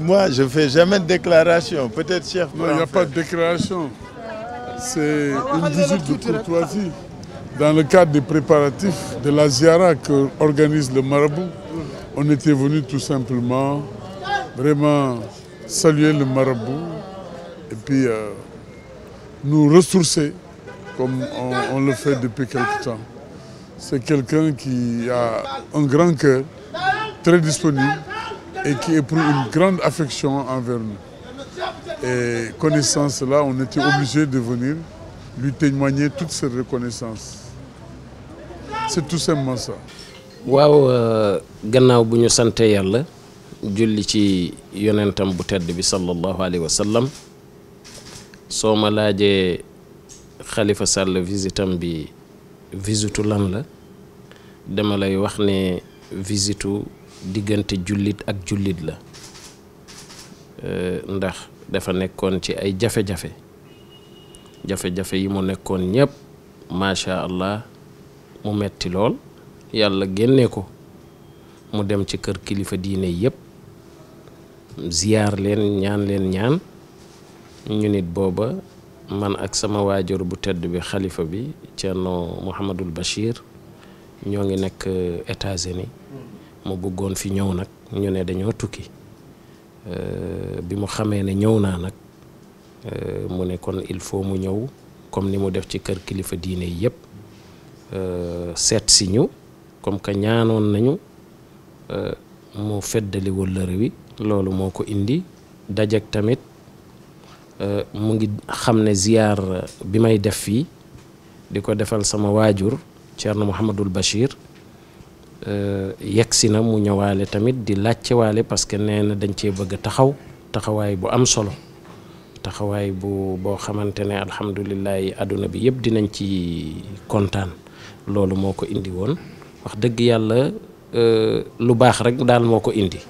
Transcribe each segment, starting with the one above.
moi, je ne fais jamais de déclaration. Peut-être, chef. Non, il n'y a pas de déclaration. Euh, C'est une visite de courtoisie dans le cadre des préparatifs de la Ziara que organise le marabout. On était venu tout simplement vraiment saluer le marabout et puis euh, nous ressourcer comme on, on, le fait depuis quelque temps. C'est quelqu'un qui a un grand cœur, très disponible, et qui éprouvent une grande affection envers nous. Et connaissant cela, on était obligé de venir lui témoigner toute cette reconnaissance. C'est tout simplement ça. waaw euh, gannaaw buñu santé sante julli ci yonentam bu tedd bi sallallahu alayhi wa sallam soma ma Khalifa Sall visitam bi visitu lan la dama lay wax ne visitu diggante jullit ak jullit la euh, ndax dafa nekkoon ci ay jafe-jafe jafe-jafe yi mu nekkoon ñëpp macha allah mu metti lool yàlla génnee ko mu dem ci kër kilifa diine yëpp ziyaar leen ñaan leen ñaan ñu nit booba man ak sama waajur bu tedd bi xalifa bi Thierno Mouhamadul Bachir ñoo ngi nekk euh, États-Unis mu bëggoon fi ñëw nag ñu ne dañoo tukki euh, bi mu xamee ne ñëw naa nag euh, mu ne kon il faut mu ñëw comme ni mu def ci kër kilifa diine yi yëpp euh, seet si ñu comme que ñaanoon nañu mu feddali wëllëre wi loolu moo ko indi dajek tamit mu ngi xam ne ziyaar bi may def fii di ko defal sama waajur Thierno Mouhamadul Bachir Euh, yegsi na mu ñëwaale tamit di laajtewaale parce que nee na dañ cee bëgg taxaw taxawaay bu am solo taxawaay bu boo xamante ne alhamdulilah àdduna bi yëpp dinañ ci kontaan loolu moo ko indi woon wax dëgg yàlla euh, lu baax rek daal moo ko indi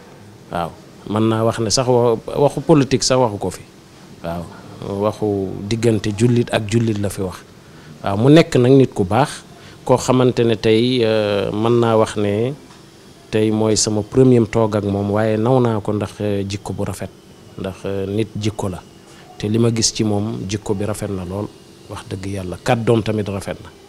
waaw mën naa wax ne sax waxu politique sax waxu ko fi waaw waxu diggante jullit ak jullit la fi wax waaw mu nekk nag nit ku baax. koo xamante ne tey euh, mën naa wax ne tey mooy sama premier toog ak moom waaye naw naa ko ndax euh, jikko bu rafet ndax euh, nit jikko la te li ma gis ci moom jikko bi rafet na lool wax dëgg yàlla kàddoom tamit rafet na